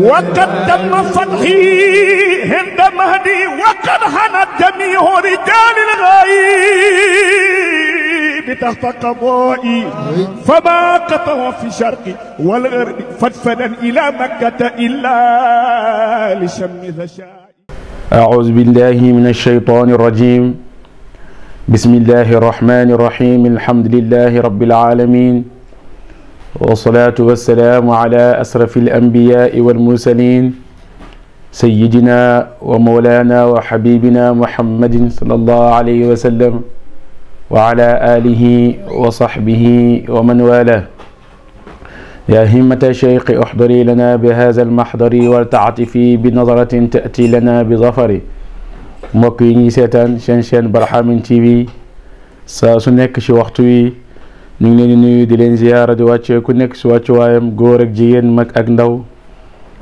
وقد تم فتحي هند مهدي وقد حنت جميع رجال الغيب تحت قضائي فما قطع في شرقي والغرب فدفدا الى مكه الا لشم ذشاء اعوذ بالله من الشيطان الرجيم بسم الله الرحمن الرحيم الحمد لله رب العالمين والصلاة والسلام على أسرف الأنبياء والمرسلين سيدنا ومولانا وحبيبنا محمد صلى الله عليه وسلم وعلى آله وصحبه ومن والاه يا همة شيخ احضري لنا بهذا المحضر والتعطفي بنظرة تأتي لنا بظفر mbokk yi شنشن برحام تي في Barhamiennes TV ñu ngi leen di nuyu di leen ziyaara di wàccee ku nekk si wàccuwaayam góor ak jigéen mag ak ndaw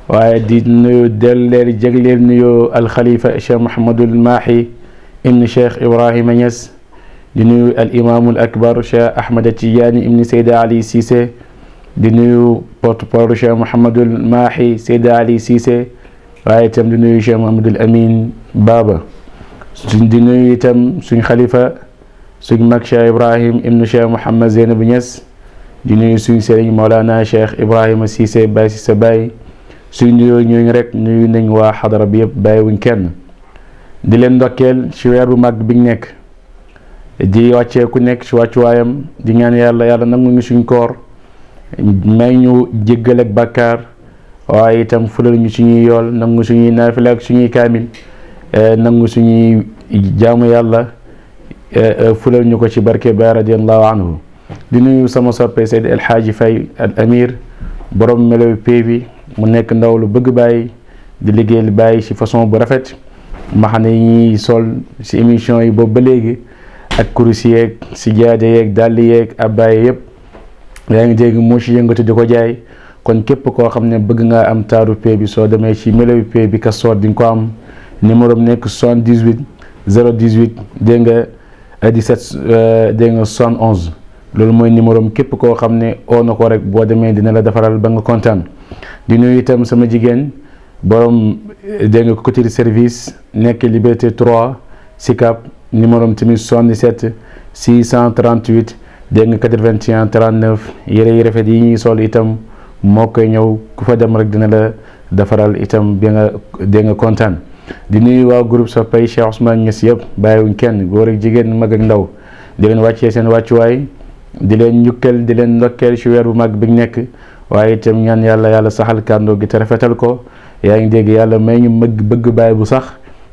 waaye di nuyu del leen jégleel nuyu alxalifa cheikh Mouhamadul Mahi ibni cheikh Ibrahima Niass di nuyu al imaamul akbar cheikh Ahmad Tidiane ibni Seyda Ali Cissé di nuyu porte parole cheikh Mouhamadul Mahi Seyda Ali Cissé waaye itam di nuyu cheikh Mouhamadul Amin Baba di nuyu itam suñ xalifa. suñ mag cheikh ibrahim ibnu cheikh mouhamad zeynab ñes di nuyu suñ sëriñ maolana cheikh ibrahima Cissé Baye Cissé Baye suñ nuyoo ñooñu rek nuyu nañ waa xadara bi yëpp bàyyiwuñ kenn di leen ndokkeel ci weer bu mag biñ nekk di wàccee nekk ci wàccuwaayam di ñaan yàlla yàlla nangu ngi suñ koor may ñu jéggal ak bàkkaar waaye itam fulal ñu suñuy yool nangu suñuy naafila suñuy kaamil eh, nangu suñuy jaamu yàlla E, e, fulal ñu ko ci barke ba radiallahu anhu di nuyu sama sopp Seydi El Hadji Faye al amir borom melow pay bi mu nekk ndaw lu bëgg bàyyi di liggéey liggéeyal bàyyi ci façon bu rafet ma yi ne ñuy sol ci émission yi boobu ba léegi ak kurus yeeg si jaade yeeg dàll yeeg abbaye yëpp yaa ngi dégg moo ci yëngatu di ko jaay kon képp koo xam ne bëgg ngaa am taaru pay bi soo demee ci melow pay bi Castor di nga ko am numéro nekk 78 018 dégg nga 17 euh, dégg nga 71 loolu mooy numéro am képp koo xam ne oo na ko rek boo demee dina la defaral ba nga kontaan di nuyu itam sama jigéen borom euh, dégg nga côté service nekk Liberté 3 Sicap numéro am tamit 77 638 dégg nga 81 39 yére yu rafet yi ñuy sol itam moo koy ñëw ku fa dem rek dina la defaral itam bi nga dégg nga kontaan. di nuy nuyu waa groupe soppay Cheikh Ousmane Niass yëpp bàyyiwuñ kenn goor ak jigéen mag ak ndaw di leen wàccee seen wàccuwaay di leen njukkal di leen ndokkeel ci weer bu mag bi nekk waaye itam ñaan yàlla yàlla saxal kàndoo gi te rafetal ko yaa ngi dégg yàlla may ñu mëgg bëgg baay bu sax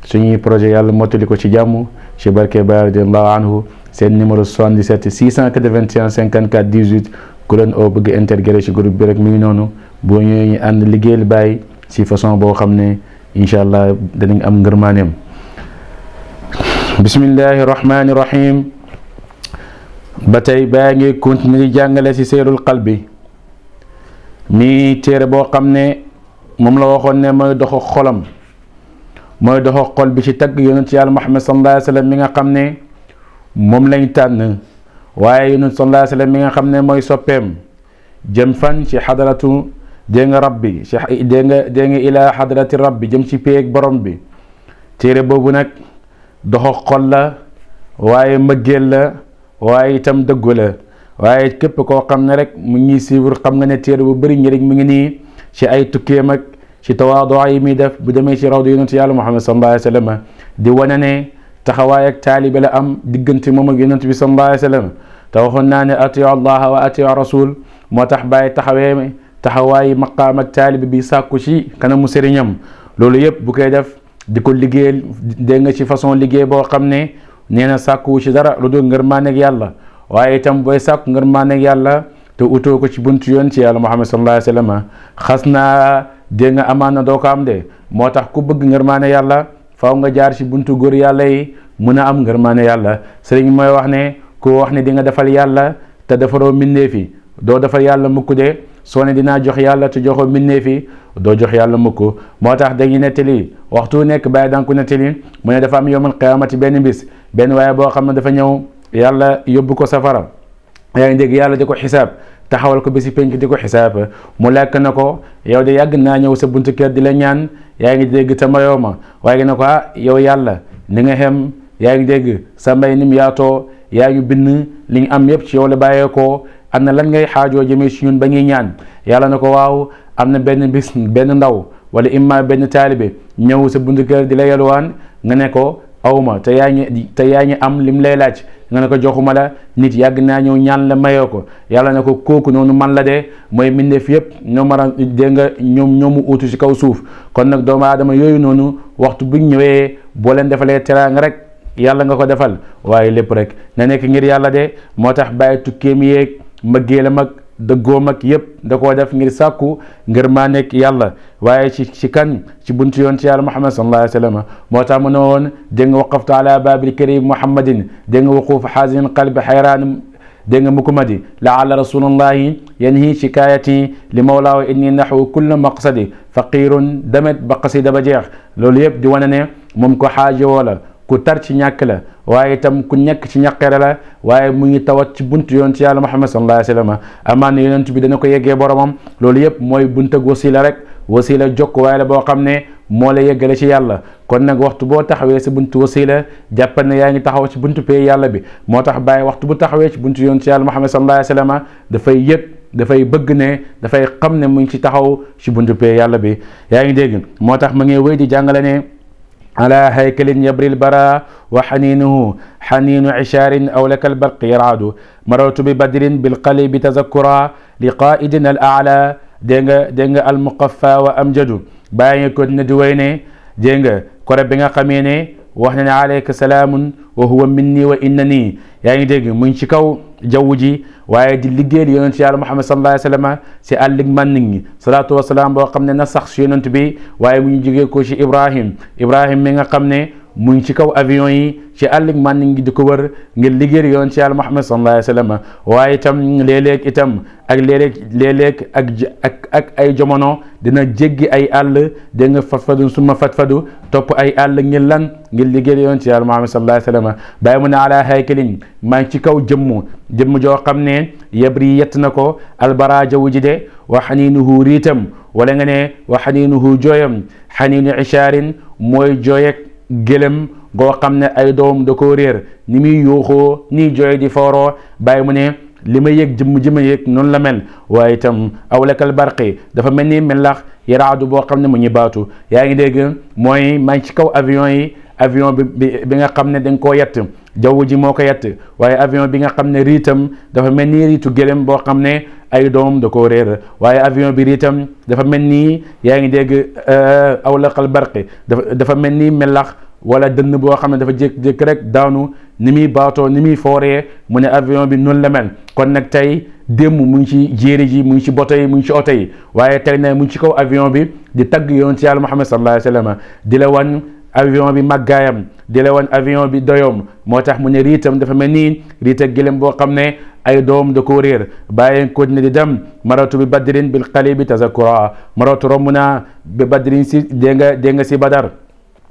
su ñuy projet yàlla mottali ko ci jàmm ci barke Baay radiyallahu anhu seen numéro 77 681 54 18 ku leen oo bëgg intégré ci groupe bi rek mi ngi noonu boo ñu ñu ànd liggéeyal Baay ci façon boo xam ne. incha allah danañ am ngërmaaneem bismillahi rahmaani rahim ba tey baa ngi continuer di jàngale ci seerul qalbi mi téere boo xam ne moom la waxoon ne mooy doxu xolam mooy doxu xol bi ci tagg yonent yàlla Muhammad sallallahu alayhi wa mi nga xam ne moom lañ tànn waaye yonent sallallahu alayhi wa sallam mi nga xam ne mooy soppeem jëm fan ci xadaratu dégg nga rabbi cheikh dégg nga dégg nga ilaa xadrati rabbi jëm ci péeg borom bi téere boobu nag doxo xol la waaye mbëggeel la waaye itam dëggu la waaye képp koo xam ne rek mu ngi suivre xam nga ne téere bu bëri njëriñ mu ngi nii ci ay tukkeem ak ci tawaaduwaa yi muy def bu demee ci rawdu yonentu yàlla muhammad sallallahu alayhi wa sallam di wane ne taxawaay ak taalibe la am diggante moom ak yonent bi sallallahu alayhi wa naa ne moo tax bàyyi taxawee taxawaayi maqaam ak taalibe bi sàkku ci kanamu sëriñam loolu yëpp bu koy def di ko liggéeyal dégg nga ci façon liggéey boo xam ne nee na sàkkuwu ci dara lu dul ngërmaaneeg yàlla waaye itam booy sàkku ngërmaaneeg yàlla te utoo ko ci buntu yoon ci yàlla Muhammad sallallahu alayhi wa sallam xas naa dégg nga amaana doo ko am de moo tax ku bëgg ngërmaane yàlla faaw nga jaar ci buntu góor yàlla yi mën a am ngërmaane yàlla sëriñ mooy wax ne ku wax ne di nga defal yàlla te defaroo soo ne dinaa jox yàlla tu jox mbindeef yi doo jox yàlla mukk moo tax dañuy nettali waxtu nekk bàyyi danga ko nettali mu ne dafa am yowmal qiyaamati benn bis benn waaye boo xam ne dafa ñëw yàlla yóbbu ko safara yaa dégg yàlla di ko xisaab taxawal ko bisi penk di ko xisaab mu lekk na ko yow de yàgg naa ñëw sa buntu kër di la ñaan yaa ngi dégg te mayoo ma waaye ne ko ah yow yàlla ni nga xem yaa ngi dégg sa mbay ni mu yaatoo yaa ñu bind li ñu am yëpp ci yow la ko am na lan ngay xaajoo jëmee si ñun ba ñuy ñaan yàlla na ko waaw am na benn bis benn ndaw wala imma benn taalibe ñëw sa buntu kër di la yalwaan nga ne ko awma te yaa ñi te yaa ñi am lim lay laaj nga ne ko joxuma la nit yàgg naa ñëw ñaan la mayoo ko yàlla ne ko kooku noonu man la de mooy mbindeef yépp ñoom mara dégg nga ñoom ñoomu uutu ci kaw suuf kon nag doomu aadama yooyu noonu waxtu buñ ñëwee boo leen defalee teraanga rek yàlla nga ko defal waaye lépp rek na nekk moo tax bàyyi tukkeem yeeg mbëggeelam ak dëggoom ak yépp da koo def ngir sàkku ngir maa nekk yàlla waaye ci ci kan ci buntu yoon ci yàlla muhammad sallallahu alayhi wa sallam moo tax mu ne woon dégg nga waqaftu ala babil karim muhammadin dégg nga waquuf xaasinin qalbi xayraan dégg nga mukkumadi laala rasulullahi yanhi shikayati li mawlaawa inni naxwu kulla maqsadi faqirun damet ba qasida ba jeex loolu yëpp di wane ne moom ko xaajowoo la ku tar ci ñàkk la waaye itam ku nekk ci ñaqere la waaye mu ngi tawat ci bunt yoon ci yàlla muhammad sallallahu alayhi wa sallam amaan bi dana ko yeggee boromam loolu yëpp mooy bunt ak wasila rek wasila jokk waaye la boo xam ne moo la yeggale ci yàlla kon nag waxtu boo taxawee sa buntu wasila jàppal ne yaa ngi taxaw ci buntu pay yàlla bi moo tax bàyyi waxtu bu taxawee ci buntu yoon ci yàlla muhammad sallallahu alayhi wa sallam dafay yëg dafay bëgg ne dafay xam ne mu ngi ci taxaw ci buntu yàlla bi على هيكل يبري البراء وحنينه حنين عشار أو لك البرق يرعد مررت ببدر بالقلب تذكرا لقائدنا الأعلى دينغ دينغ المقفى وأمجد باين كنت ندويني دينغ كرة بيغا خميني wax na ne alayka salaamun wa huwa minni wa innani yaa ngi dégg mu ngi ci kaw jaww ji waaye di liggéeyal yonent yàlla muhammad sallallahu alayhi wa sallam si àllig man nit ñi salaatu wasalaam boo xam ne na sax si yonent bi waaye mu ñu jógee ko ci ibrahim ibrahim mi nga xam ne mu ci kaw avion yi ci àllig mànni ngi di ko wër ngir liggéeyal yoon ci yàlla Muhammad waaye tam léeg itam ak léeg ay jamono dina jéggi ay àll da nga fatfadu suma fatfadu topp ay àll ngir lan ngir liggéeyal yoon ci yàlla Muhammad sallallahu alayhi wa sallam bàyyi mu ne ala haykalin maa ngi ci kaw jëmm jëmm joo xam ne yabri yett na ko albara jaww ji de wa xaniinuhu riitam wala nga ne wa xaniinuhu jooyam xaniinu ishaarin mooy jooyeg gélém goo xam ne ay doom da koo réer ni muy yuuxoo nii jooy di fooroo bàyyi mu ne li ma yëg jëmm ji ma yëg noonu la mel waaye itam awlakal barqi dafa mel ni melax yaraadu boo xam ne mu ñu baatu yaa ngi dégg mooy maa ngi ci kaw avion yi avion bi bi nga xam ne dañ koo yett jaww ji moo yett avion bi nga xamne ritam dafa melni ritu gëlëm bo xamne ay dom da koo réer avion bi ritam dafa melni yaangi deg euh awla qal barqi dafa melni melax wala dënn bo xamne dafa jek jek rek daanu nimi bato nimi foré mune avion bi noonu la mel kon nak tay dem mu ngi ci jéré ji mu ngi ci botay mu ngi ci oto yi waaye tey mu ngi ci kaw avion bi di tagg yonent yàlla Muhammad sallallahu alayhi wasallam di la wan avion bi màggaayam di la avion bi doyoom moo tax mu ne riitam dafa mel nii riit ak boo xam ne ay doom da ko réer bàyyen ko ne di dem maratu bi badrin bil qalibi tazakura maratu romb naa bi badrin si dé nga nga si badar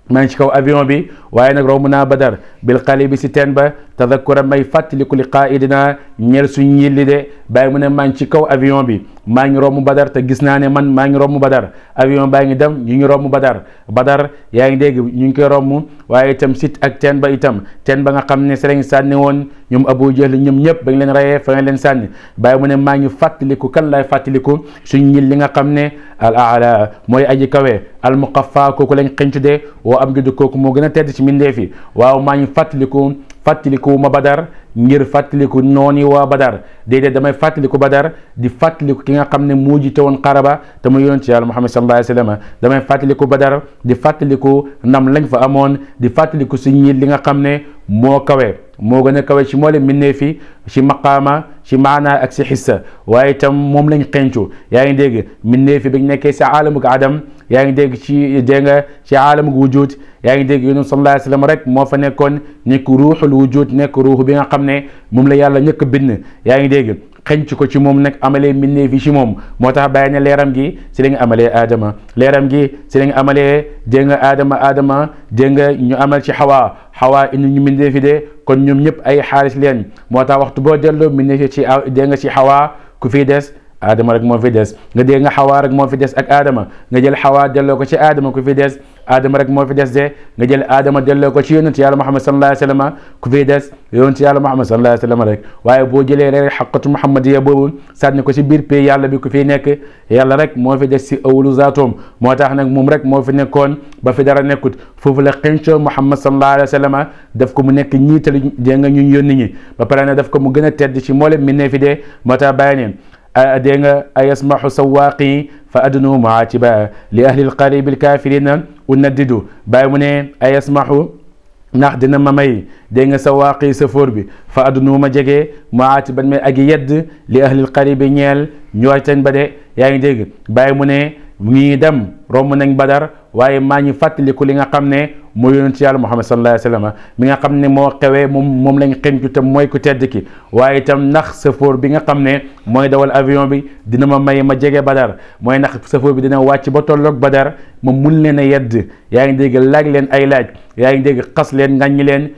maa ngi ci kaw avion bi waaye nag romb naa badar bil qalibi si teen ba tadakkuran may fàttaliku li qaa'idina ñeel suñu yilli de bàyyi mu ne maa ngi ci kaw avion bi maa ngi romb badar te gis naa ne man maa ngi romb badar avion baa ngi dem ñu ngi romb badar badar yaa ngi dégg ñu ngi koy romb waaye itam sit ak teen ba itam teen ba nga xam ne sëriñ sànni woon ñoom Abu Jahl ñoom ñëpp ba ngi leen rayee fa nga leen sànni bàyyi mu ne maa ngi fàttaliku kan laay fàttaliku suñu yilli nga xam ne al aala mooy aji kawe al muqaffa kooku lañ xëncu de woo am giddu kooku moo gën a tedd ci mbindeef yi waaw maa ngi fàttaliku fàttaliku ma badar ngir fàttaliku nooni waa badar déedéet damay fàttaliku badar di fàttaliku ki nga xam ne moo jiite woon xaraba te mu yonent yàlla muhammad sallallahu alayhi wa sallam damay fàttaliku badar di fàttaliku nam lañ fa amoon di fàttaliku si ñi li nga xam ne مو كوي مو غنا كوي شي مولي من في شي مقاما شي معنى اك سي حس واي تام موم لا نخنتو ياغي ديغ من في بي نيكي سي عالم عدم ياغي ديغ شي ديغا شي عالم وجود ياغي ديغ يونس صلى الله عليه وسلم رك مو فا نيكون نيك روح الوجود نيك روح بيغا خامني موم لا يالا نيك بن ياغي ديغ xenc ko ci moom nag amalee mbindeef yi ci moom moo tax bàyyi na leeram gi si la nga amalee aadama leeram gi si la nga amalee dégg nga aadama aadama dégg nga ñu amal ci xawaa xawaa indi ñu mbindeef fi de kon ñoom ñëpp ay xaalis leen moo tax waxtu boo delloo mbindeef yi ci dégg nga ci xawaa ku fi des ادم رك مو في ديس nga de nga xawa rek mo fi des ak aadama nga jël xawa delo ko ci aadama ku fi des aadama rek moo fi des de nga jël aadama delo ko ci yonent yàlla muhammad sallallahu alayhi wasallam ku fi des yonent yàlla muhammad sallallahu alayhi wasallam rek waye bo jëlé rek haqqatu muhammadiyya bobu sadni ko ci bir pe yàlla bi ku fi nek yàlla rek mo fi des ci awlu zatum motax nak mom rek mo fi nekkon ba fi dara nekut fofu la xencoo muhammad sallallahu alayhi wasallam daf ko mu nekk ñiitali dé nga ñun yónni ñi ba pare na daf ko mu gëna tedd ci mboolem mi ne fi de moo bayane dégg nga yasmahu sawaqi fa adnu muaatiba li ahli lqaribi lkafirina unaddidu bàyyi mu ne a yasmahu ndax dina ma may dégg nga sawaqi safoor bi fa adnu ma jege muaatiban may ak yedd li ahli lqaribi ñeel ñooy tañ ba de yaangi deg baye bàyyi mu ne ngi dem rom nañ badar waaye maa fatali ko li nga xamne mo mooy yàlla muhammad sallallahu alayhi wasallam mi nga xamne mo xewé mom mom lañ xencu tam moy ku tedd ki waye tam nax sëfoor bi nga xamne moy dawal avion bi dina ma may ma jégué badar moy nax sëfoor bi dina wàcc ba tollok badar mom mun leen yedd yaangi deg dégg laaj leen ay laaj yaangi deg xass leen ngaññi leen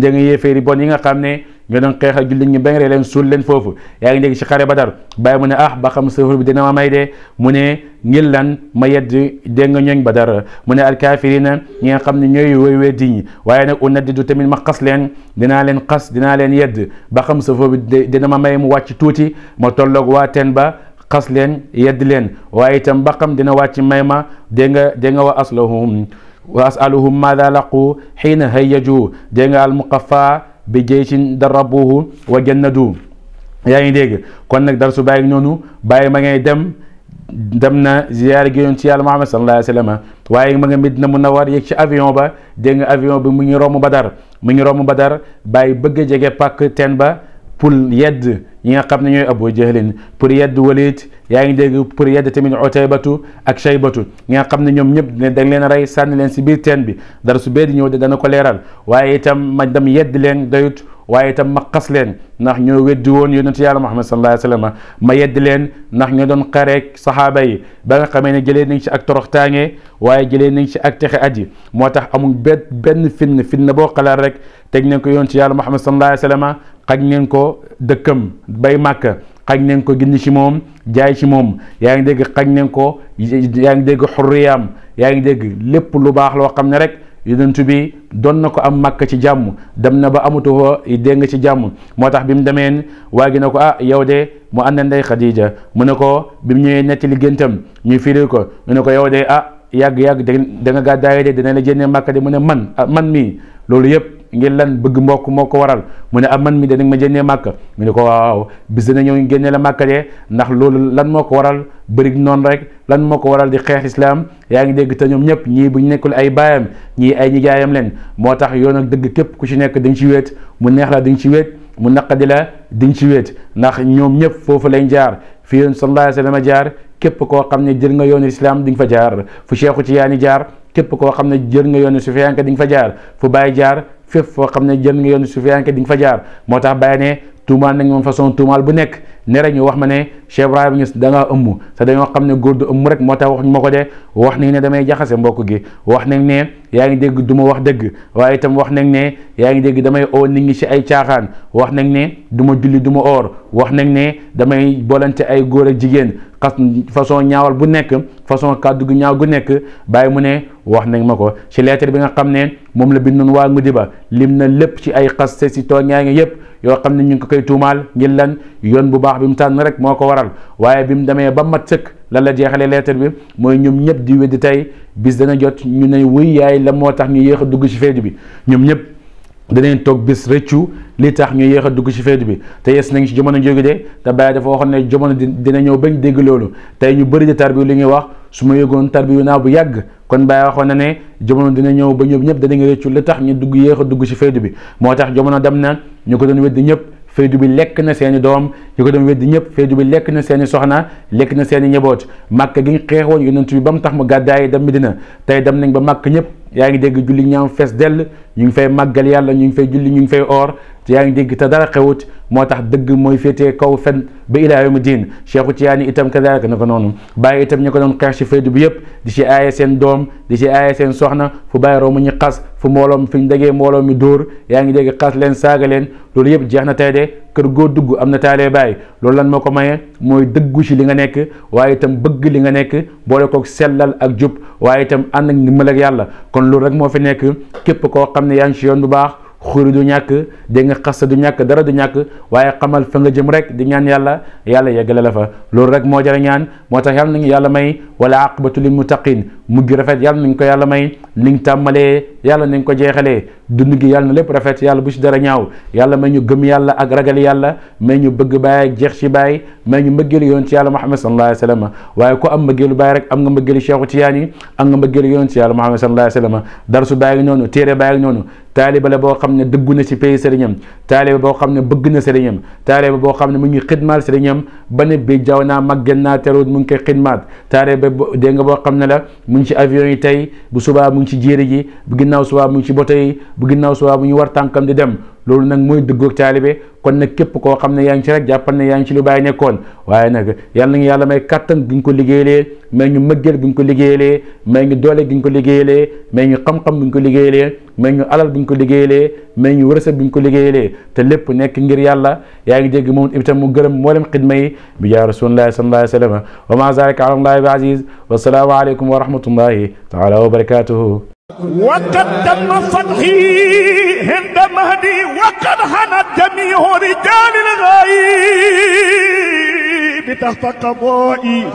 da nga yéféri bon yi nga xamne nga doon xeex ak jullit ñi bañ rey leen suul leen foofu yaa ngi dégg ci xare Badar bàyyi mu ne ah ba xam safur bi dina ma may de mu ne ngir lan ma yedd dégg nga ba Badar mu ne alkaafirina ñi nga xam ne ñooy woy weddi ñi waaye nag unaddidu tamit ma xas leen dinaa leen xas dinaa leen yedd ba xam safur bi dina ma may mu wàcc tuuti ma tolloog waa teen ba xas leen yedd leen waaye itam ba xam dina wàcc may ma dégg nga dégg nga wa aslahum wa asaluhum maada laqu xiina hayyaju dégg nga bi jaysin darabuhu wa jannadu yaa ngi dégg kon nag dar su bàyyi noonu bàyyi ma ngay dem dem na ziyaare gi ci yàlla Muhammad sallallahu alayhi wa sallam waaye ma nga Medina Munawwar yegg ci avion ba dégg nga avion bi mu ngi ba Badar mu ngi romb Badar bàyyi bëgg a jege pàkk teen ba pour yedd yi nga xam ne ñooy abu jahlin pour yedd walid yaa ngi dégg pour yedd tamit otaybatu ak shaybatu ñi nga xam ne ñoom ñëpp ne da nga leen rey sànni leen si biir teen bi dara su bee di de dana ko leeral waaye itam ma dem yedd leen doyut waaye itam ma xas leen ndax ñoo weddi woon yonentu yàlla Muhammad sallallahu alayhi wa sallam ma yedd leen ndax ñoo doon xareek saxaaba yi ba nga xamee ne jëlee nañ ci ak toroxtaange waaye jëlee nañ ci ak texe aji moo tax amul benn benn fitna fitna boo xalaat rek teg nañ ko yonentu yàlla Muhammad sallallahu alayhi wa sallam xaj neen ko dëkkam bay màkka xaj neen ko gindi ci moom jaay ci moom yaa ngi dégg xaj neen ko yaa ngi dégg xurriyaam yaa ngi dégg lépp lu baax loo xam ne rek yonent bi doon na ko am màkk ci jàmm dem na ba amatu ko dégg ci jàmm moo tax bi mu demeen waa gi na ko ah yow de mu ànd na ndey mu ne ko bi mu ñëwee netti li géntam ñu firi ko mu ne ko yow ah yàgg-yàgg da nga gàddaay de dina la jénne màkka de mu ne man ah, man mii loolu yëpp ngir lan bëgg mbokk moo ko waral mu ne ah man mii de danga ma jénnee màkka mu ne ko waaw bis dina ñëw génne la màkka de ndax loolu lan moo ko waral bërik noonu rek lan moo ko waral di xeex islaam yaa ngi dégg te ñoom ñëpp ñii bu ñu nekkul ay baayam ñii ay nijaayam leen moo tax yoon ak dëgg képp ku ci nekk dañ ci wéet mu neex la dañ ci wet mu naqadi la diñ ci wéet ndax ñoom ñëpp foofu lañ jaar fi yoon sallallahu alayhi wa jaar képp koo xam ne jël nga yoonu islam di nga fa jaar fu Cheikhu Tijaani jaar képp koo xam ne jën nga yoonu sufiyanke di fa jaar fu Baay jaar fépp foo xam ne jën nga yoonu sufiyanke di fa jaar moo tax Baay ne tuumaal nañ moom façon tuumaal bu nekk nere ñu wax ma ne Cheikh Ibrahima Niass da ngaa ëmm te dañoo xam ne góor du ëmm rek moo tax wax ñu ma ko de wax nañ ne damay jaxase mbokk gi wax nañ ne yaa ngi dégg duma wax dëgg waaye itam wax nañ ne yaa ngi dégg damay oo ni ñi ci ay caaxaan wax nañ ne duma ma julli du ma oor wax nañ ne damay bolante ay góor ak jigéen xas façon ñaawal bu nekk façon kàddu gu ñaaw gu nekk bàyyi mu ne wax nañ ma ko ci lettre bi nga xam ne moom la bindoon waa Ngodiba lim na lépp ci ay xas xaste si tooñaa ngi yëpp yoo xam ne ñu ngi ko koy tuumaal ngir lan yoon bu baax bi mu tànn rek moo ko waral waaye bi mu demee ba mat sëkk lan la jeexalee lettre bi mooy ñoom ñëpp di weddi tey bis dana jot ñu ne wuy yaay la moo tax ñu yéex a dugg ci feeju bi ñoom ñëpp danañ toog bis rëccu li tax ñu yéex a dugg ci feetu bi te yes nañ ci jamono jóge de te bàyyi dafa waxoon ne jamono dina ñëw bañ dégg loolu tey ñu bëri di tarbiyu li ñuy wax su ma yëgoon tarbiyu naa bu yàgg kon bàyyi waxoon na ne jamono dina ñëw ba ñëpp ñëpp danañ rëccu li tax ñu dugg yéex dugg ci feetu bi moo tax jamono dem na ñu ko doon weddi ñëpp faydu bi lekk na seeni doom ñu ko doon weddi ñëpp faydu bi lekk na seeni soxna lekk na seeni njaboot màkk gi ñu xeex woon yonent bi ba mu tax mu gàddaay dem Medina tey dem nañ ba màkk ñëpp yaangi deg julli ñaam fess del ñu ngi fay magal yàlla ñu ngi fay julli ñu ngi fay or te yaangi deg ta dara xewut motax deug moy fete kaw fen ba ila yawmi diin Cheikhu tiani itam kadaalika na ko noonu baye itam ñako don xex ci feydu bi yep di ci ay sen dom di ci ay sen soxna fu baye romu ñi xass fu molom fiñ dege molom mi dóor yaangi deg xass len leen saaga leen loolu yëpp jeex de kër goo dugg am na taalee baay loolu lan moo ko maye mooy dëggu ci li nga nekk waaye itam bëgg li nga nekk boole kook sellal ak jub waaye itam ànd ak ndimbal ak yàlla kon loolu rek moo fi nekk képp koo xam ne yaa ngi ci yoon bu baax xuri du ñàkk dégg nga sa du ñàkk dara du ñàkk waaye xamal fa nga jëm rek di ñaan yàlla yàlla yeggale la fa loolu rek moo jara ñaan moo tax yàlla nañu yàlla may wala aqibatu lil muttaqin mujj rafet yàlla nañ ko yàlla may ni nga tàmmalee yàlla nañ ko jeexalee dund gi yàlla lépp rafet yàlla bu ci dara ñaaw yàlla may ñu gëm yàlla ak ragal yàlla may ñu bëgg baay ak jeex ci baay may ñu mbëggeelu yoon ci yàlla Muhammad sallallahu alayhi wa sallam waaye ku am mbëggeelu baay rek am nga mbëggeelu Cheikhu Tiyaan yi am nga mbëggeelu yoon ci yàlla Muhammad sallallahu alayhi wa sallam darsu baay ak noonu téere baay ak noonu taaliba la boo xam ne dëggu na ci pays sëriñam taaliba boo xam ne bëgg na sëriñam taaliba boo xam ne mu ngi xidmaal sëriñam ba ne bi jaw naa mag gën naa teroot mu ngi koy xidmaat taaliba dégg nga boo la mu ci avion yi tey bu subaa mu ci jéere ji bu ginnaaw subaa mu ci bote yi bu ginnaaw subaa mu ñu war tànkam di dem loolu nag mooy dëggoog taalibe kon nag képp koo xam ne yaa ngi ci rek jàppal ne ngi ci lu bàyyi nekkoon waaye nag yàlla nga yàlla may kàttan gi nga ko liggéeyalee may ñu mëggeel gi nga ko liggéeyalee may ñu doole gi nga ko liggéeyalee may ñu xam-xam bi nga ko liggéeyalee may ñu alal bi nga ko liggéeyalee may ñu wërsëg bi nga ko liggéeyalee te lépp nekk ngir yàlla yaa ngi dégg moom itam mu gërëm mboolem xidma yi bi yaa rasulullahi sallallahu alayhi wa sallam wa ma zalika ala allahi bi aziz wassalaamu aleykum wa rahmatullahi taala wa barakatuhu هند مهدي وقد هنت جميع رجال الغيب تحت قضائي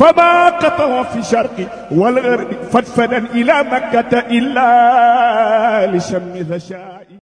فما قطعوا في شرقي والغرب فدفنا الى مكه الا لشم ذا